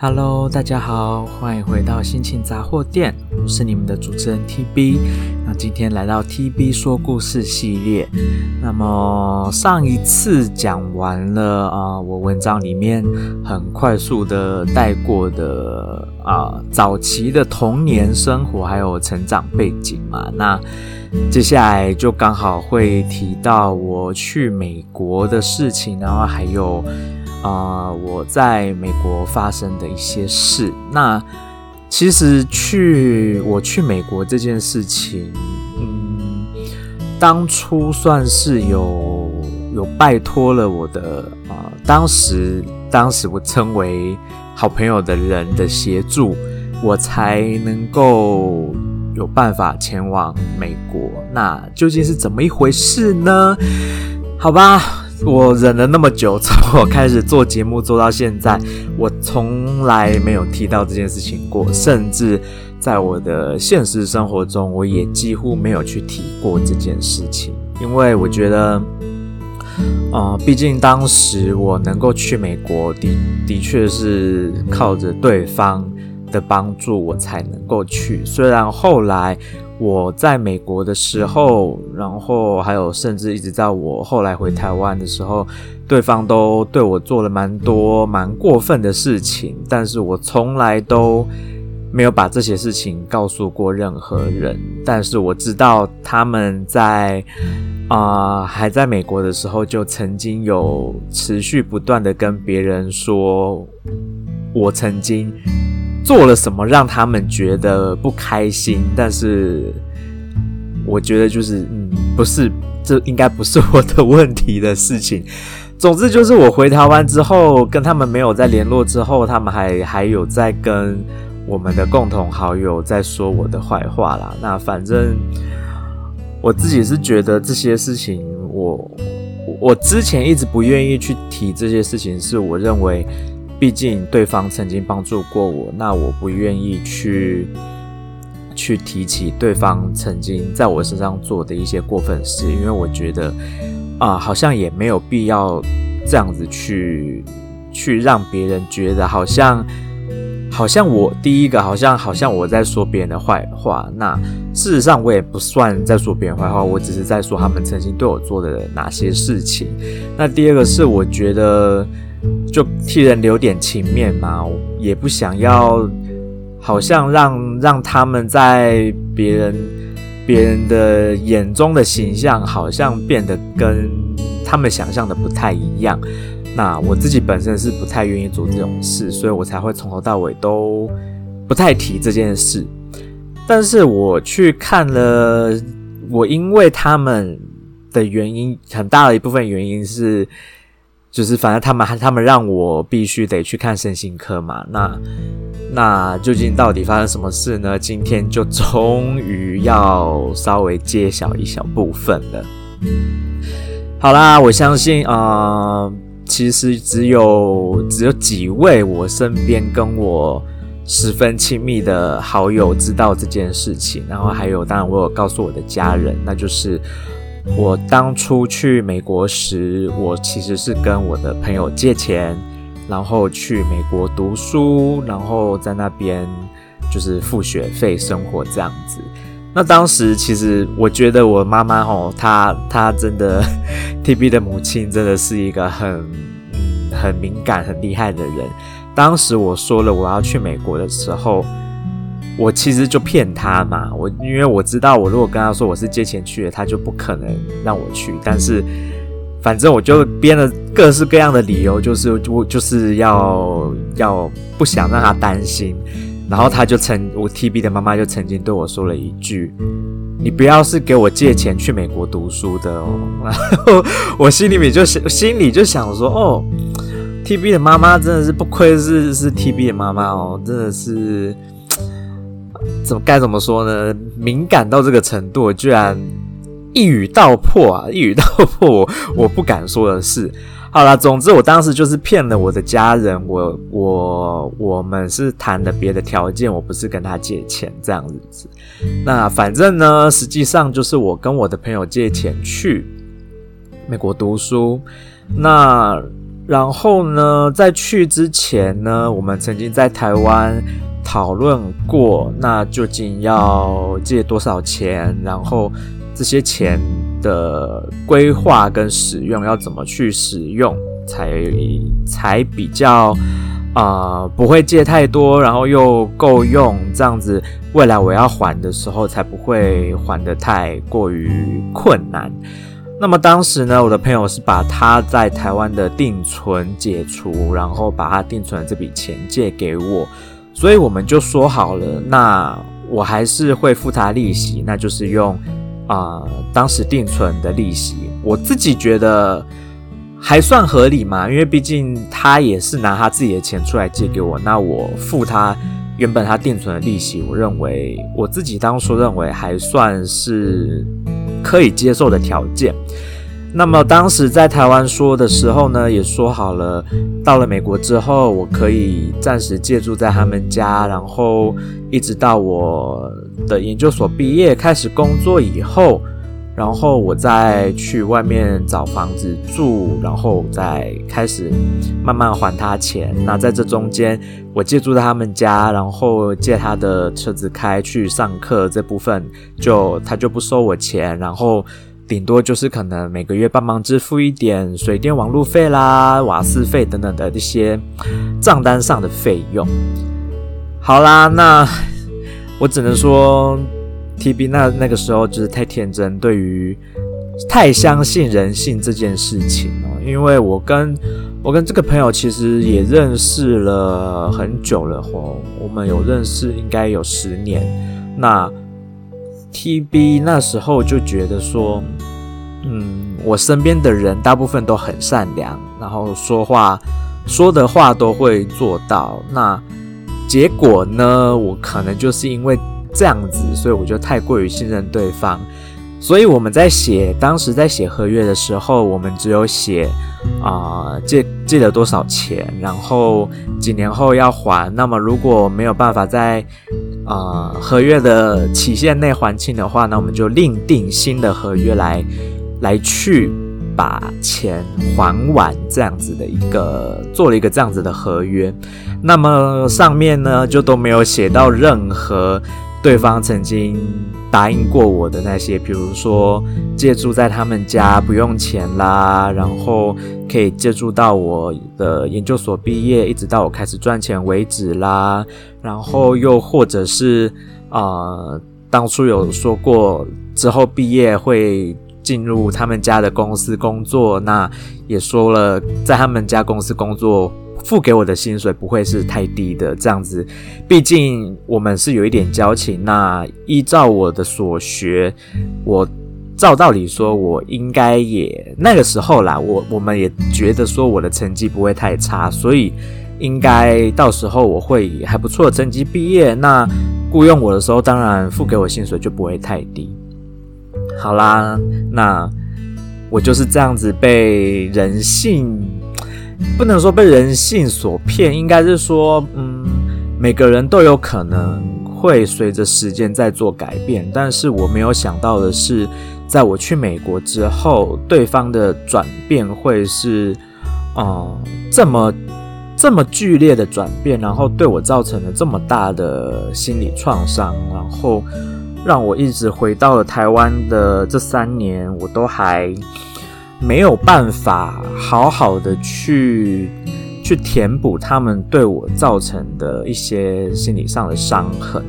Hello，大家好，歡迎回到心情雜貨店，我是你們的主持人 T B。那今天來到 T B 說故事系列，那麼上一次講完了啊、呃，我文章裡面很快速的帶過的啊、呃，早期的童年生活還有成長背景嘛。那接下來就剛好會提到我去美國的事情，然後還有。啊、呃！我在美國發生的一些事。那其實去我去美國這件事情，嗯，當初算是有有拜托了我的啊、呃，當時當時我稱為好朋友的人的協助，我才能夠有辦法前往美國。那究竟是怎麼一回事呢？好吧。我忍了那麼久，從我開始做節目做到現在，我從來沒有提到這件事情過，甚至在我的現實生活中，我也幾乎沒有去提過這件事情，因為我覺得，啊、呃，畢竟當時我能夠去美國的，的確是靠着對方的幫助，我才能夠去，雖然後來。我在美國的時候，然後還有甚至一直在我後來回台灣的時候，對方都對我做了蠻多蠻過分的事情，但是我從來都沒有把這些事情告訴過任何人。但是我知道他們在啊、呃、還在美國的時候，就曾經有持續不斷地跟別人說我曾經。做了什麼讓他們覺得不開心？但是我覺得就是，嗯，不是，這應該不是我的問題的事情。總之就是，我回台灣之後，跟他們沒有再聯絡之後，他們還還有在跟我們的共同好友在說我的壞話啦。那反正我自己是覺得這些事情，我我之前一直不願意去提這些事情，是我認為。畢竟對方曾經幫助過我，那我不願意去去提起對方曾經在我身上做的一些過分事，因為我覺得啊、呃，好像也沒有必要這樣子去去讓別人覺得好像好像我第一個好像好像我在說別人的壞話，那事實上我也不算在說別人壞話，我只是在說他們曾經對我做的哪些事情。那第二個是我覺得。就替人留點情面嘛，也不想要，好像讓讓他們在別人別人的眼中的形象，好像變得跟他們想象的不太一樣。那我自己本身是不太願意做這種事，所以我才會從頭到尾都不太提這件事。但是我去看了，我因為他們的原因，很大的一部分原因是。就是，反正他們還他們讓我必須得去看身心科嘛。那那究竟到底發生什麼事呢？今天就終於要稍微揭曉一小部分了。好啦，我相信啊、呃，其實只有只有幾位我身邊跟我十分親密的好友知道這件事情，然後還有，當然我有告訴我的家人，那就是。我當初去美國時，我其實是跟我的朋友借錢，然後去美國讀書，然後在那邊就是付學費、生活這樣子。那當時其實我覺得我媽媽哦，她她，真的 T B 的母親真的是一個很、嗯、很敏感、很厲害的人。當時我說了我要去美國的時候，我其實就騙他嘛，我因為我知道，我如果跟他說我是借錢去的，他就不可能讓我去。但是反正我就編了各式各樣的理由，就是我就是要要不想讓他擔心。然後他就曾我 T B 的媽媽就曾經對我說了一句：“你不要是給我借錢去美國讀書的哦。”然後我心裡面就想心裡就想說：“哦，T B 的媽媽真的是不愧是是 T B 的媽媽哦，真的是。”怎麼該怎麼說呢？敏感到這個程度，居然一語道破啊！一語道破我，我不敢說的事。好了，總之我當時就是騙了我的家人，我我我們是談了別的條件，我不是跟他借錢這樣子。那反正呢，實際上就是我跟我的朋友借錢去美國讀書。那然後呢，在去之前呢，我們曾經在台灣，討論過，那究竟要借多少錢？然後這些錢的規劃跟使用要怎麼去使用，才才比較啊、呃、不會借太多，然後又夠用，這樣子未來我要還的時候才不會還得太過於困難。那麼當時呢，我的朋友是把他在台灣的定存解除，然後把他定存的這筆錢借給我。所以我們就說好了，那我還是會付他利息，那就是用啊，呃，當時定存的利息。我自己覺得還算合理嘛，因為畢竟他也是拿他自己的錢出來借給我，那我付他原本他定存的利息，我認為我自己當初認為還算是可以接受的條件。那麼當時在台灣說的時候呢，也說好了，到了美國之後，我可以暫時借住在他們家，然後一直到我的研究所畢業、開始工作以後，然後我再去外面找房子住，然後再開始慢慢還他錢。那在這中間，我借住在他們家，然後借他的車子開去上課，這部分，就他就不收我錢，然後。頂多就是可能每個月幫忙支付一點水電網路費啦、瓦斯費等等的一些賬單上的費用。好啦，那我只能說，TB 那那個時候就是太天真，對於太相信人性這件事情哦。因為我跟我跟這個朋友其實也認識了很久了哦，我們有認識應該有十年。那 TB 那時候就覺得說，嗯，我身邊的人大部分都很善良，然後說話，說的話都會做到。那結果呢？我可能就是因為這樣子，所以我就太過於信任對方。所以我們在寫，當時在寫合約的時候，我們只有寫，啊、呃，借借了多少錢，然後幾年後要還。那麼如果沒有辦法在，啊、呃，合約的期限內還清的話，那我們就另訂新的合約來，來去把錢還完，這樣子的一個做了一個這樣子的合約。那麼上面呢就都沒有寫到任何。對方曾經答應過我的那些，比如說借住在他們家不用錢啦，然後可以借住到我的研究所畢業，一直到我開始賺錢為止啦，然後又或者是啊、呃，當初有說過之後畢業會。進入他們家的公司工作，那也說了，在他們家公司工作，付給我的薪水不會是太低的。這樣子，畢竟我們是有一點交情。那依照我的所學，我照道理說，我應該也那個時候啦。我我們也覺得說，我的成績不會太差，所以應該到時候我會以還不錯的成績畢業。那僱傭我的時候，當然付給我薪水就不會太低。好啦，那我就是這樣子被人性，不能說被人性所騙，應該是說，嗯，每個人都有可能會隨着時間在做改變，但是我沒有想到的是，在我去美國之後，對方的轉變會是，嗯，這麼這麼劇烈的轉變，然後對我造成了這麼大的心理創傷，然後。讓我一直回到了台灣的這三年，我都還沒有辦法好好的去去填補他們對我造成的一些心理上的傷痕。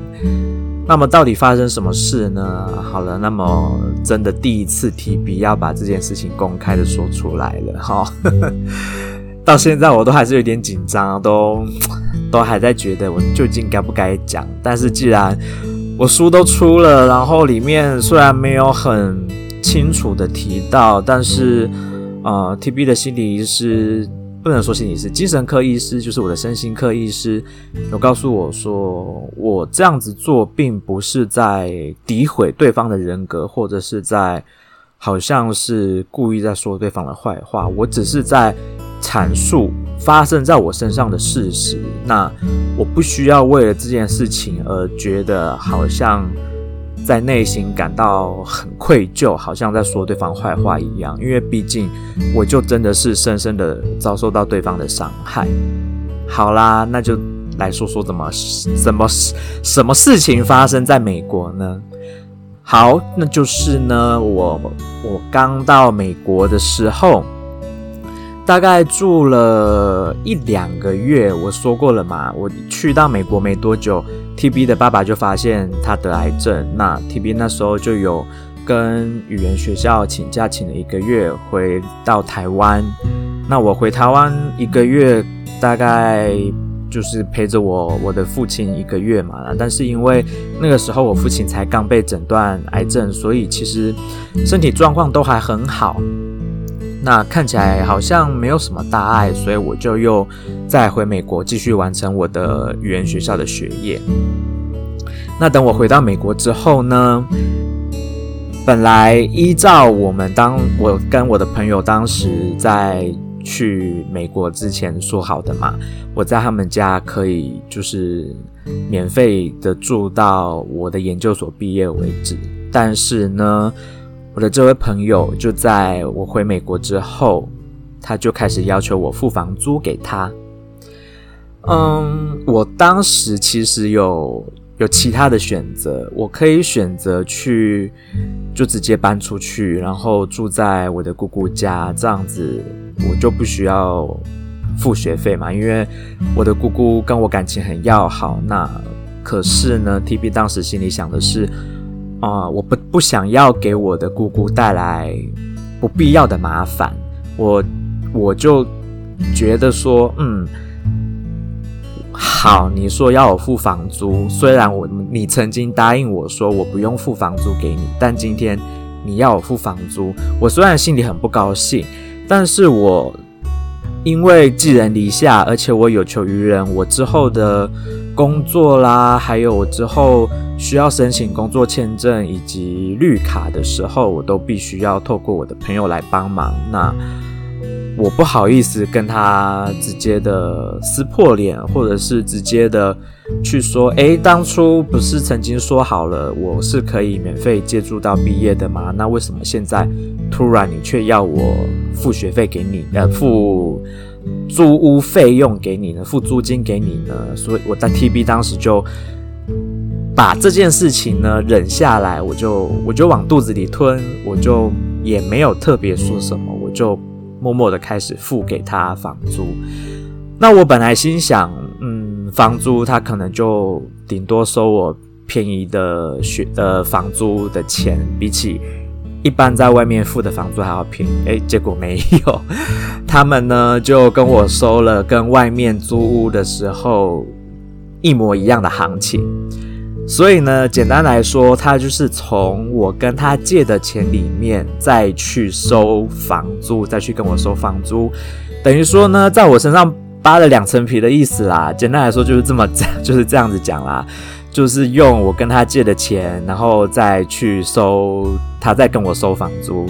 那麼，到底發生什麼事呢？好了，那麼真的第一次提筆要把這件事情公開的說出來了。哈， 到現在我都還是有點緊張，都都還在覺得我究竟該不該講。但是既然我書都出了，然後裡面雖然沒有很清楚的提到，但是啊，TB 的心理醫師，不能說心理醫師，精神科醫師就是我的身心科醫師，有告訴我說，我這樣子做並不是在詆毀對方的人格，或者是在好像是故意在說對方的壞話，我只是在闡述。發生在我身上的事實，那我不需要為了這件事情而覺得好像在內心感到很愧疚，好像在說對方壞話一樣。因為畢竟我就真的是深深的遭受到對方的傷害。好啦，那就來說說怎麼怎麼什麼事情發生在美國呢？好，那就是呢，我我剛到美國的時候。大概住了一兩個月，我說過了嘛，我去到美國沒多久，TB 的爸爸就發現他得癌症。那 TB 那時候就有跟語言學校請假，請了一個月回到台灣。那我回台灣一個月，大概就是陪着我我的父親一個月嘛。但是因為那個時候我父親才剛被診斷癌症，所以其實身體狀況都還很好。那看起來好像沒有什麼大礙，所以我就又再回美國繼續完成我的語言學校的學業。那等我回到美國之後呢，本來依照我們當，我跟我的朋友當時在去美國之前說好的嘛，我在他們家可以就是免費的住到我的研究所畢業為止。但是呢，我的這位朋友就在我回美國之後，他就開始要求我付房租給他。嗯，我當時其實有有其他的選擇，我可以選擇去就直接搬出去，然後住在我的姑姑家，這樣子我就不需要付學費嘛，因為我的姑姑跟我感情很要好。那可是呢，TB 當時心裡想的是。啊、嗯，我不不想要給我的姑姑帶來不必要的麻煩，我我就覺得說，嗯，好，你說要我付房租，雖然我你曾經答應我說我不用付房租給你，但今天你要我付房租，我雖然心裡很不高興，但是我因為寄人籬下，而且我有求於人，我之後的。工作啦，還有我之後需要申請工作簽證以及綠卡的時候，我都必須要透過我的朋友來幫忙。那我不好意思跟他直接的撕破臉，或者是直接的去說，誒，當初不是曾經說好了我是可以免費借讀到畢業的嗎？那為什麼現在突然你卻要我付學費給你？呃，付。租屋費用給你呢，付租金給你呢，所以我在 TB 當時就把這件事情呢忍下來，我就我就往肚子裡吞，我就也沒有特別說什麼，我就默默的開始付給他房租。那我本來心想，嗯，房租他可能就頂多收我便宜的學呃房租的錢，比起。一般在外面付的房租還要便宜誒，結果沒有，他們呢就跟我收了跟外面租屋的時候一模一樣的行情，所以呢，簡單來說，他就是從我跟他借的錢裡面再去收房租，再去跟我收房租，等於說呢，在我身上扒了兩層皮的意思啦。簡單來說就是這麼，就是這樣子講啦。就是用我跟他借的錢，然後再去收他，再跟我收房租。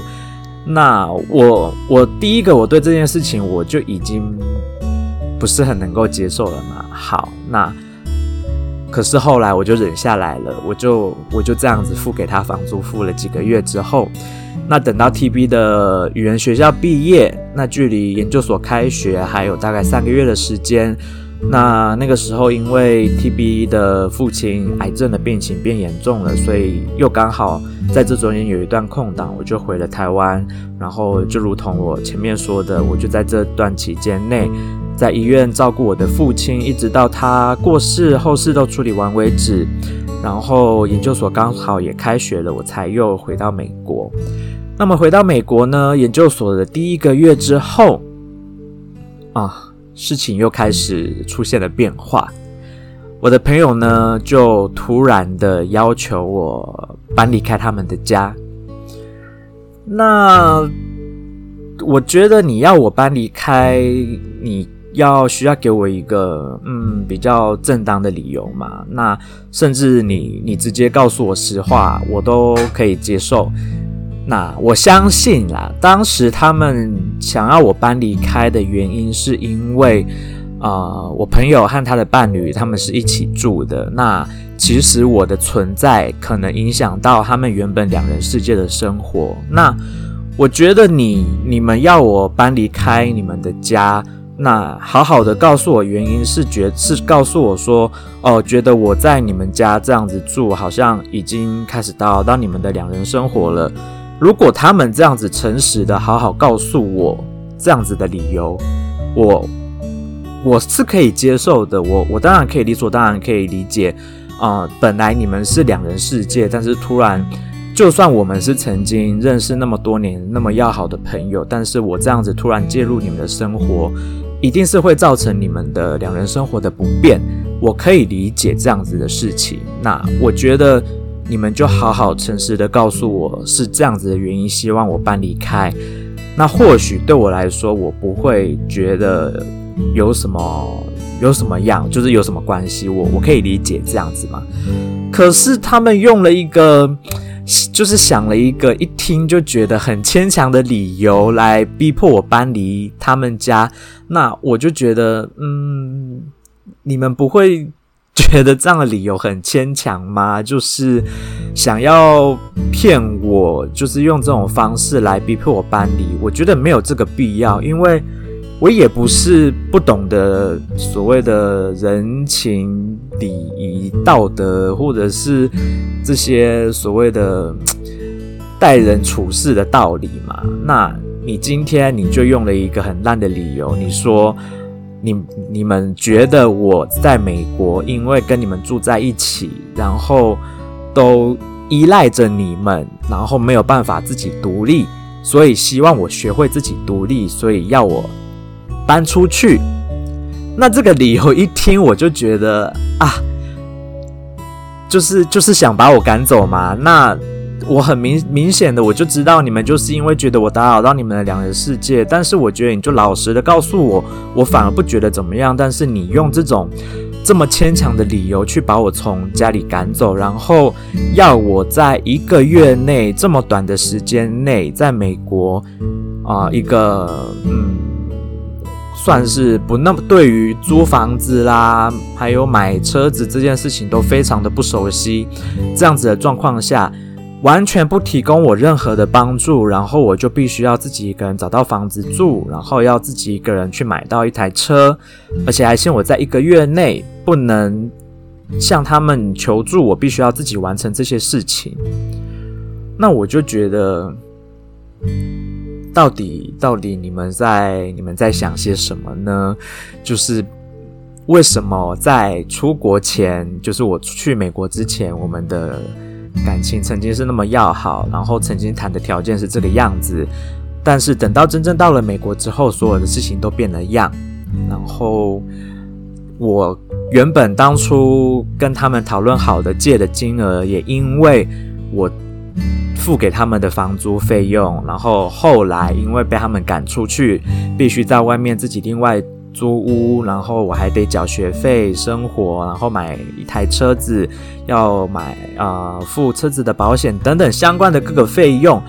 那我我第一個我對這件事情我就已經不是很能夠接受了嘛。好，那可是後來我就忍下來了，我就我就這樣子付給他房租，付了幾個月之後，那等到 TB 的語言學校畢業，那距離研究所開學還有大概三個月的時間。那那個時候，因為 TB 的父親癌症的病情變嚴重了，所以又剛好在這中間有一段空檔，我就回了台灣。然後，就如同我前面說的，我就在這段期間內，在醫院照顧我的父親，一直到他過世、後事都處理完為止。然後，研究所剛好也開學了，我才又回到美國。那麼，回到美國呢，研究所的第一個月之後，啊。事情又開始出現了變化，我的朋友呢，就突然的要求我搬離開他們的家。那我覺得你要我搬離開，你要需要給我一個嗯比較正當的理由嘛？那甚至你你直接告訴我實話，我都可以接受。那我相信啦，當時他們想要我搬離開的原因，是因為啊、呃，我朋友和他的伴侶他們是一起住的。那其實我的存在可能影響到他們原本兩人世界的生活。那我覺得你你們要我搬離開你們的家，那好好的告訴我原因，是覺是告訴我說哦，覺得我在你們家這樣子住，好像已經開始到到你們的兩人生活了。如果他們這樣子誠實的好好告訴我這樣子的理由，我我是可以接受的。我我當然可以理所當然可以理解啊、呃。本來你們是兩人世界，但是突然，就算我們是曾經認識那麼多年、那麼要好的朋友，但是我這樣子突然介入你們的生活，一定是會造成你們的兩人生活的不便。我可以理解這樣子的事情。那我覺得。你們就好好誠實的告訴我是這樣子的原因，希望我搬離開。那或許對我來說，我不會覺得有什麼，有什麼樣，就是有什麼關係，我我可以理解這樣子嘛。可是他們用了一個，就是想了一個一聽就覺得很牽強的理由來逼迫我搬離他們家，那我就覺得，嗯，你們不會。覺得這樣的理由很牽強嗎？就是想要騙我，就是用這種方式來逼迫我搬離。我覺得沒有這個必要，因為我也不是不懂得所謂的人情禮儀、道德，或者是這些所謂的待人處事的道理嘛。那你今天你就用了一個很爛的理由，你說。你你們覺得我在美國，因為跟你們住在一起，然後都依賴着你們，然後沒有辦法自己獨立，所以希望我學會自己獨立，所以要我搬出去。那這個理由一聽，我就覺得啊，就是就是想把我趕走嘛。那。我很明明顯的，我就知道你們就是因為覺得我打擾到你們的兩人世界。但是我覺得你就老實的告訴我，我反而不覺得怎麼樣。但是你用這種這麼牽強的理由去把我從家裡趕走，然後要我在一個月內這麼短的時間內，在美國啊、呃，一個嗯，算是不那麼對於租房子啦，還有買車子這件事情都非常的不熟悉，這樣子的狀況下。完全不提供我任何的幫助，然後我就必須要自己一個人找到房子住，然後要自己一個人去買到一台車，而且還限我在一個月內不能向他們求助，我必須要自己完成這些事情。那我就覺得，到底到底你們在你們在想些什麼呢？就是為什麼在出國前，就是我去美國之前，我們的，感情曾經是那麼要好，然後曾經談的條件是這個樣子，但是等到真正到了美國之後，所有的事情都變了樣。然後我原本當初跟他們討論好的借的金額，也因為我付給他們的房租費用，然後後來因為被他們趕出去，必須在外面自己另外。租屋，然後我還得繳學費、生活，然後買一台車子，要買啊、呃，付車子的保險等等相關的各個費用，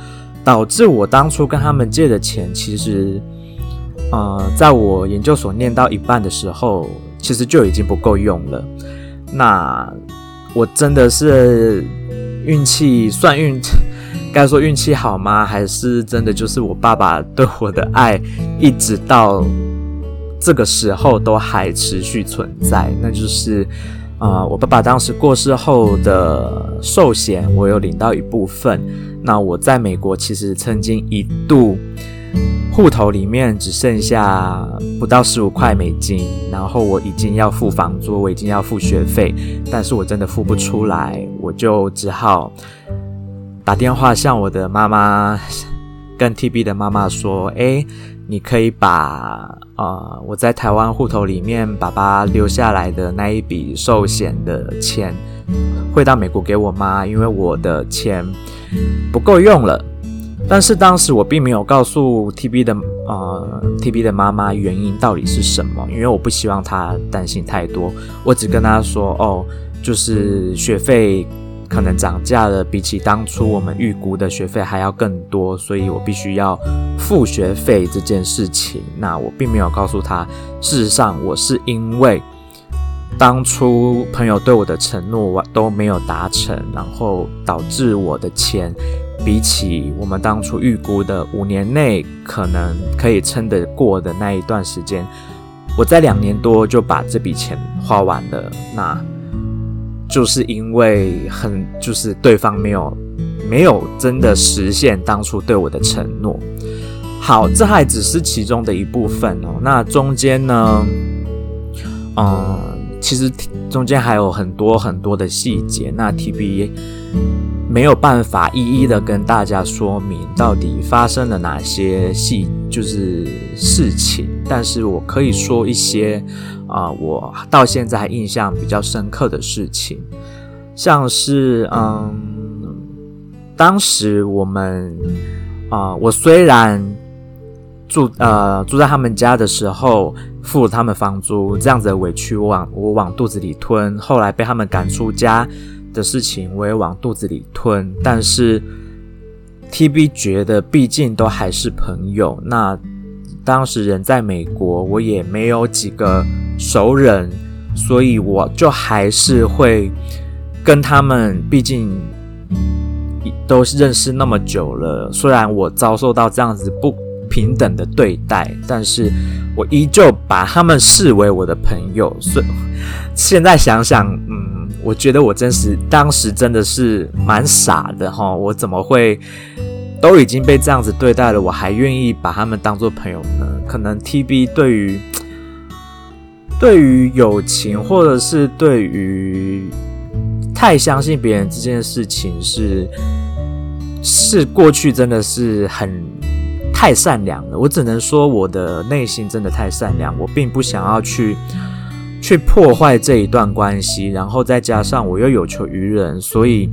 導致我當初跟他們借的錢，其實，呃，在我研究所念到一半的時候，其實就已經不夠用了。那我真的是運氣算運，該說運氣好嗎？還是真的就是我爸爸對我的愛，一直到。這個時候都還持續存在，那就是，呃，我爸爸當時過世後的壽險，我有領到一部分。那我在美國其實曾經一度戶頭裡面只剩下不到十五塊美金，然後我已經要付房租，我已經要付學費，但是我真的付不出來，我就只好打電話向我的媽媽跟 TB 的媽媽說：“哎，你可以把。”啊、呃！我在台灣戶頭裡面，爸爸留下來的那一筆壽險的錢匯到美國給我媽，因為我的錢不夠用了。但是當時我並沒有告訴 TB 的呃 TB 的媽媽原因到底是什麼，因為我不希望她擔心太多。我只跟她說：“哦，就是學費。”可能漲價了，比起當初我們預估的學費還要更多，所以我必須要付學費這件事情。那我並沒有告訴他，事實上我是因為當初朋友對我的承諾都沒有達成，然後導致我的錢比起我們當初預估的五年內可能可以撐得過的那一段時間，我在兩年多就把這筆錢花完了。那。就是因為很就是對方沒有沒有真的實現當初對我的承諾，好，這還只是其中的一部分哦。那中間呢，嗯，其實中間還有很多很多的細節，那 TB 沒有辦法一一的跟大家說明到底發生了哪些細就是事情，但是我可以說一些。啊、呃，我到現在還印象比較深刻的事情，像是嗯，當時我們啊、呃，我雖然住呃住在他們家的時候，付了他們房租，這樣子的委屈我往我往肚子裡吞，後來被他們趕出家的事情我也往肚子裡吞，但是 TB 覺得畢竟都還是朋友，那。當時人在美國，我也沒有幾個熟人，所以我就還是會跟他們，畢竟都認識那麼久了。雖然我遭受到這樣子不平等的對待，但是我依舊把他們視為我的朋友。所以現在想想，嗯，我覺得我真是當時真的是蠻傻的哈！我怎麼會，都已經被這樣子對待了，我還願意把他們當作朋友呢？可能 TB 對於對於友情，或者是對於太相信別人這件事情是，是是過去真的是很太善良了。我只能說，我的內心真的太善良，我並不想要去去破壞這一段關係。然後再加上我又有求於人，所以。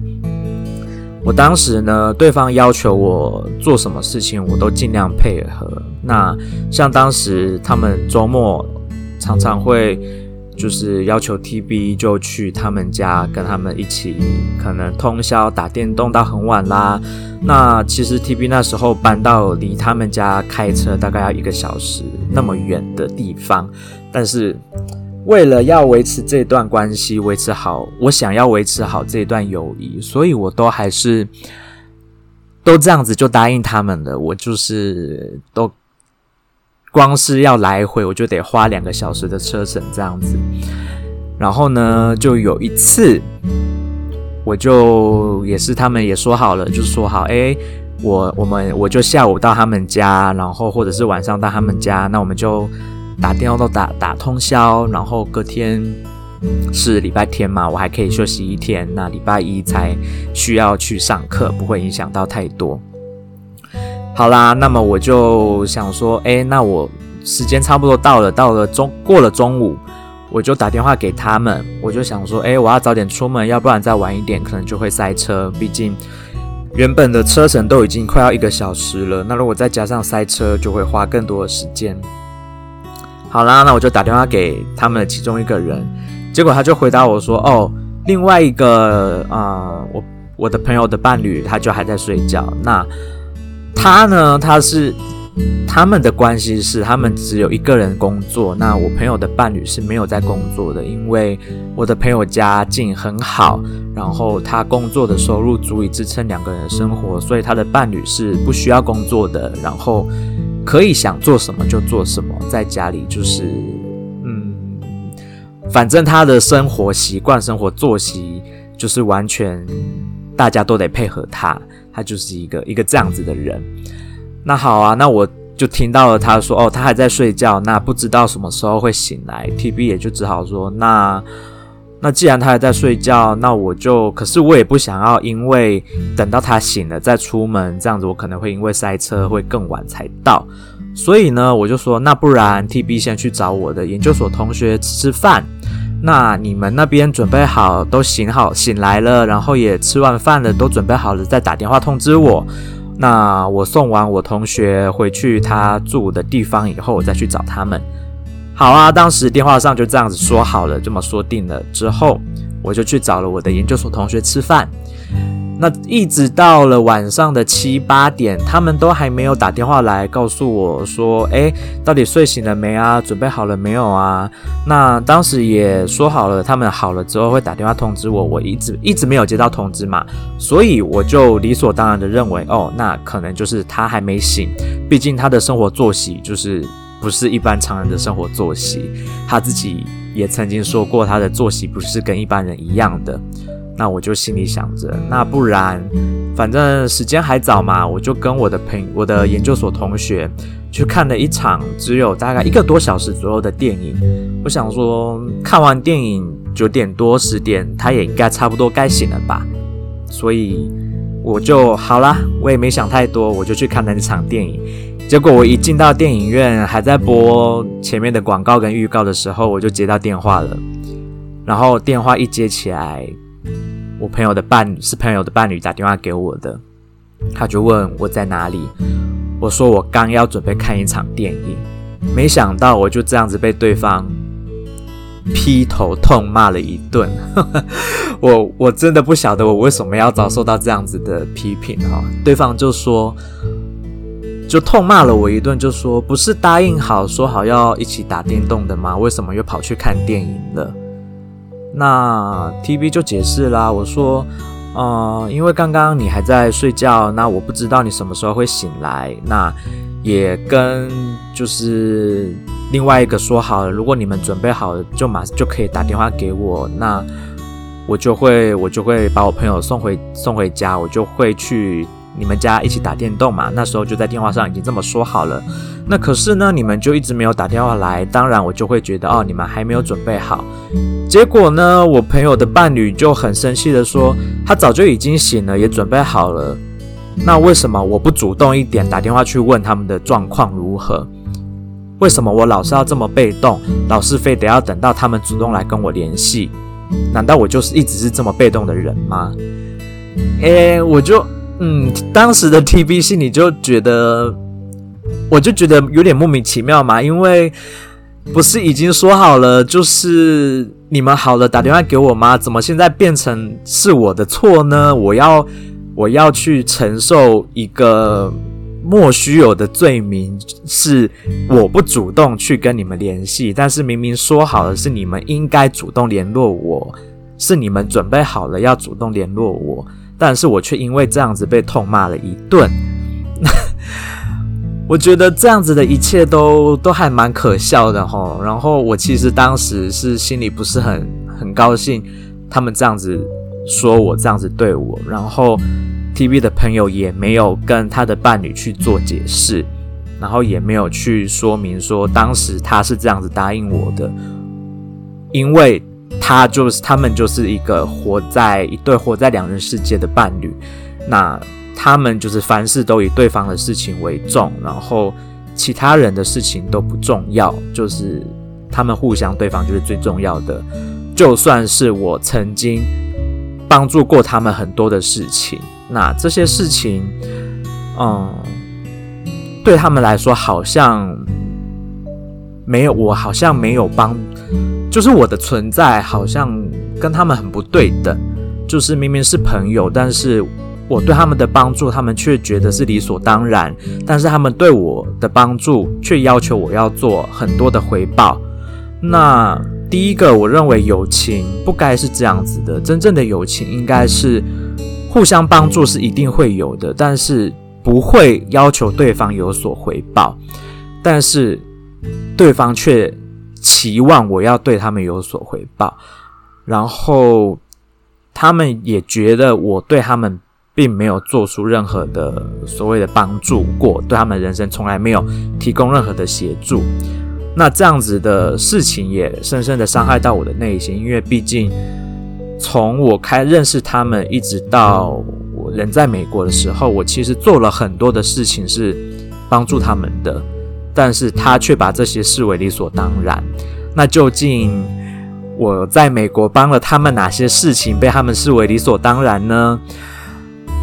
我當時呢，對方要求我做什麼事情，我都盡量配合。那像當時他們週末常常會就是要求 TB 就去他們家跟他們一起，可能通宵打電動到很晚啦。那其實 TB 那時候搬到離他們家開車大概要一個小時那麼遠的地方，但是。為了要維持這段關係，維持好，我想要維持好這段友誼，所以我都還是都這樣子就答應他們了。我就是都光是要來回，我就得花兩個小時的車程這樣子。然後呢，就有一次，我就也是他們也說好了，就說好，誒，我我們我就下午到他們家，然後或者是晚上到他們家，那我們就。打電話都打打通宵，然後隔天是禮拜天嘛，我還可以休息一天。那禮拜一才需要去上課，不會影響到太多。好啦，那麼我就想說，誒，那我時間差不多到了，到了中過了中午，我就打電話給他們。我就想說，誒，我要早點出門，要不然再晚一點可能就會塞車。畢竟原本的車程都已經快要一個小時了，那如果再加上塞車，就會花更多的時間。好啦，那我就打電話給他們的其中一個人，結果他就回答我說：“哦，另外一個啊，嗯，我我的朋友的伴侶，他就還在睡覺。那他呢？他是他們的關係是，他們只有一個人工作。那我朋友的伴侶是沒有在工作的，因為我的朋友家境很好，然後他工作的收入足以支撐兩個人的生活，所以他的伴侶是不需要工作的。然後。”可以想做什麼就做什麼，在家裡就是，嗯，反正他的生活習慣、生活作息就是完全大家都得配合他，他就是一個一個這樣子的人。那好啊，那我就聽到了他說哦，他還在睡覺，那不知道什麼時候會醒來。TB 也就只好說那。那既然他還在睡覺，那我就，可是我也不想要，因為等到他醒了再出門，這樣子我可能會因為塞車會更晚才到。所以呢，我就說，那不然 TB 先去找我的研究所同學吃吃飯。那你們那邊準備好，都醒好，醒來了，然後也吃完飯了，都準備好了再打電話通知我。那我送完我同學回去他住的地方以後，我再去找他們。好啊，當時電話上就這樣子說好了，這麼說定了之後，我就去找了我的研究所同學吃飯。那一直到了晚上的七八點，他們都還沒有打電話來告訴我說：“誒，到底睡醒了沒啊？準備好了沒有啊？”那當時也說好了，他們好了之後會打電話通知我，我一直一直沒有接到通知嘛，所以我就理所當然的認為，哦，那可能就是他還沒醒，畢竟他的生活作息就是……不是一般常人的生活作息，他自己也曾經說過，他的作息不是跟一般人一樣的。那我就心裡想着，那不然，反正時間還早嘛，我就跟我的朋、我的研究所同學去看了一場只有大概一個多小時左右的電影。我想說，看完電影九點多十點，他也應該差不多該醒了吧？所以，我就好啦，我也沒想太多，我就去看了那場電影。結果我一進到電影院，還在播前面的廣告跟預告的時候，我就接到電話了。然後電話一接起來，我朋友的伴侶是朋友的伴侶打電話給我的，他就問我在哪裡。我說我剛要準備看一場電影，沒想到我就這樣子被對方劈頭痛罵了一頓 我。我我真的不曉得我為什麼要遭受到這樣子的批評哈、哦。對方就說。就痛罵了我一頓，就說不是答應好說好要一起打電動的嗎？為什麼又跑去看電影了？那 TB 就解釋啦，我說，呃，因為剛剛你還在睡覺，那我不知道你什麼時候會醒來。那也跟就是另外一個說好了，如果你們準備好了，就馬上就可以打電話給我，那我就會我就會把我朋友送回送回家，我就會去。你們家一起打電動嘛？那時候就在電話上已經這麼說好了。那可是呢，你們就一直沒有打電話來。當然，我就會覺得哦，你們還沒有準備好。結果呢，我朋友的伴侶就很生氣地說，他早就已經醒了，也準備好了。那為什麼我不主動一點打電話去問他們的狀況如何？為什麼我老是要這麼被動，老是非得要等到他們主動來跟我聯繫？難道我就是一直是這麼被動的人嗎？哎，我就。嗯，當時的 TB 心裡就覺得，我就覺得有點莫名其妙嘛，因為不是已經說好了，就是你們好了打電話給我嗎？怎麼現在變成是我的錯呢？我要我要去承受一個莫須有的罪名，是我不主動去跟你們聯繫，但是明明說好的是你們應該主動聯絡我，是你們準備好了要主動聯絡我。但是我卻因為這樣子被痛罵了一頓， 我覺得這樣子的一切都都還蠻可笑的吼、哦。然後我其實當時是心裡不是很很高興，他們這樣子說我這樣子對我，然後 TV 的朋友也沒有跟他的伴侶去做解釋，然後也沒有去說明說當時他是這樣子答應我的，因為。他就是他們，就是一個活在一對活在兩人世界的伴侶。那他們就是凡事都以對方的事情為重，然後其他人的事情都不重要，就是他們互相對方就是最重要的。就算是我曾經幫助過他們很多的事情，那這些事情，嗯，對他們來說好像沒有，我好像沒有幫。就是我的存在好像跟他們很不對等，就是明明是朋友，但是我對他們的幫助，他們卻覺得是理所當然；但是他們對我的幫助，卻要求我要做很多的回報。那第一個，我認為友情不該是這樣子的，真正的友情應該是互相幫助是一定會有的，但是不會要求對方有所回報，但是對方卻。期望我要對他們有所回報，然後他們也覺得我對他們並沒有做出任何的所謂的幫助過，對他們人生從來沒有提供任何的協助。那這樣子的事情也深深的傷害到我的內心，因為畢竟從我開始認識他們一直到我人在美國的時候，我其實做了很多的事情是幫助他們的。但是他卻把這些視為理所當然。那究竟我在美國幫了他們哪些事情被他們視為理所當然呢？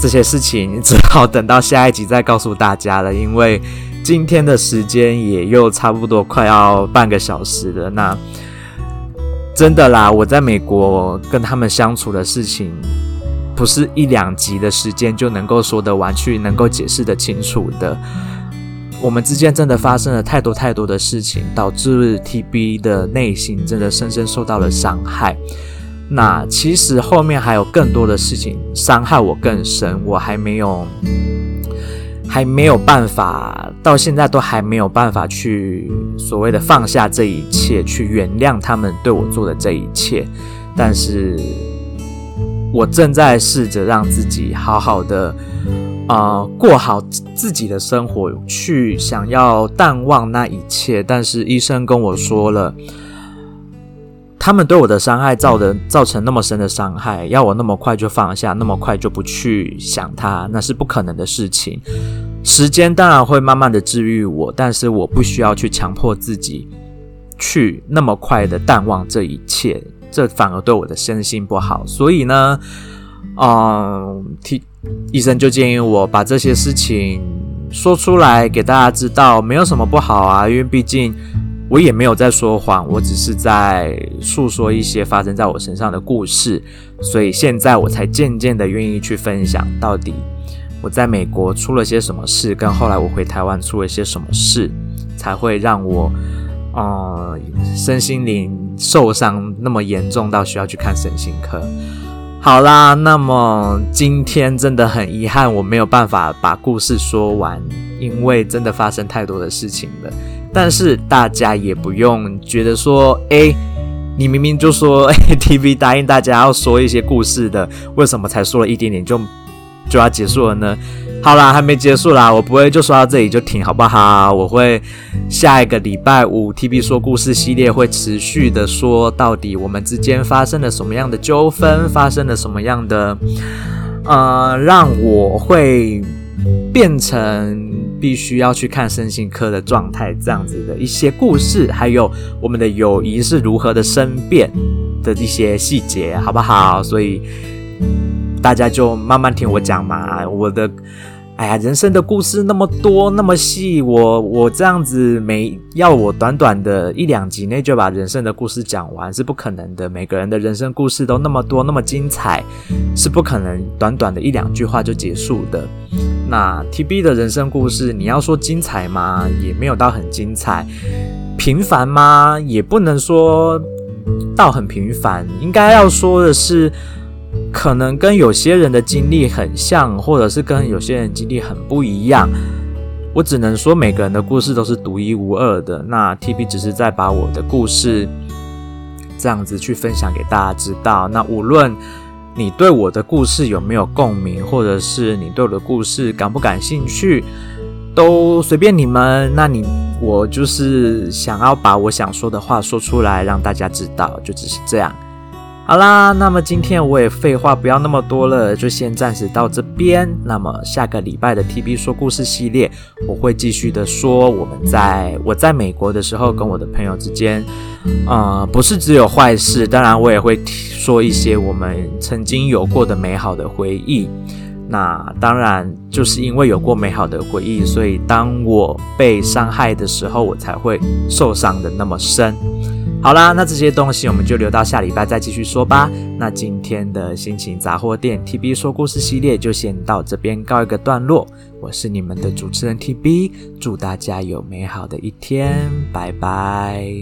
這些事情只好等到下一集再告訴大家了。因為今天的時間也又差不多快要半個小時了。那真的啦，我在美國跟他們相處的事情，不是一兩集的時間就能夠說得完去，能夠解釋得清楚的。我們之間真的發生了太多太多的事情，導致 TB 的內心真的深深受到了傷害。那其實後面還有更多的事情傷害我更深，我還沒有，還沒有辦法，到現在都還沒有辦法去所謂的放下這一切，去原諒他們對我做的這一切。但是，我正在試着讓自己好好的。啊、呃，過好自己的生活，去想要淡忘那一切。但是醫生跟我說了，他們對我的傷害造的造成那麼深的傷害，要我那麼快就放下，那麼快就不去想他，那是不可能的事情。時間當然會慢慢的治癒我，但是我不需要去強迫自己去那麼快的淡忘這一切，這反而對我的身心不好。所以呢，嗯、呃，提。醫生就建議我把這些事情說出來給大家知道，沒有什麼不好啊，因為畢竟我也沒有在說謊，我只是在訴說一些發生在我身上的故事，所以現在我才漸漸的願意去分享到底我在美國出了些什麼事，跟後來我回台灣出了些什麼事，才會讓我，呃，身心靈受傷那麼嚴重到需要去看身心科。好啦，那麼今天真的很遺憾，我沒有辦法把故事說完，因為真的發生太多的事情了。但是大家也不用覺得說，哎，你明明就說，哎，TB 答應大家要說一些故事的，為什麼才說了一點點就就要結束了呢？好啦，還沒結束啦！我不會就說到這裡就停，好不好？我會下一個禮拜五 TB 說故事系列會持續的說到底，我們之間發生了什麼樣的糾紛，發生了什麼樣的呃，讓我會變成必須要去看身心科的狀態，這樣子的一些故事，還有我們的友誼是如何的生變的一些細節，好不好？所以大家就慢慢聽我講嘛，我的。哎呀，人生的故事那麼多，那麼細，我我這樣子沒要我短短的一兩集內就把人生的故事講完是不可能的。每個人的人生故事都那麼多，那麼精彩，是不可能短短的一兩句話就結束的。那 TB 的人生故事，你要說精彩嗎？也沒有到很精彩，平凡嗎？也不能說到很平凡，應該要說的是。可能跟有些人的經歷很像，或者是跟有些人的經歷很不一樣。我只能說，每個人的故事都是獨一無二的。那 TB 只是在把我的故事這樣子去分享給大家知道。那無論你對我的故事有沒有共鳴，或者是你對我的故事感不感興趣，都隨便你們。那你我就是想要把我想說的話說出來，讓大家知道，就只是這樣。好啦，那麼今天我也廢話不要那麼多了，就先暫時到這邊。那麼下個禮拜的 TB 說故事系列，我會繼續的說我們在我在美國的時候跟我的朋友之間，呃，不是只有壞事，當然我也會說一些我們曾經有過的美好的回憶。那當然就是因為有過美好的回憶，所以當我被傷害的時候，我才會受傷的那麼深。好啦，那這些東西我們就留到下禮拜再繼續說吧。那今天的《心情雜貨店》TB 說故事系列就先到這邊告一個段落。我是你們的主持人 TB，祝大家有美好的一天，拜拜。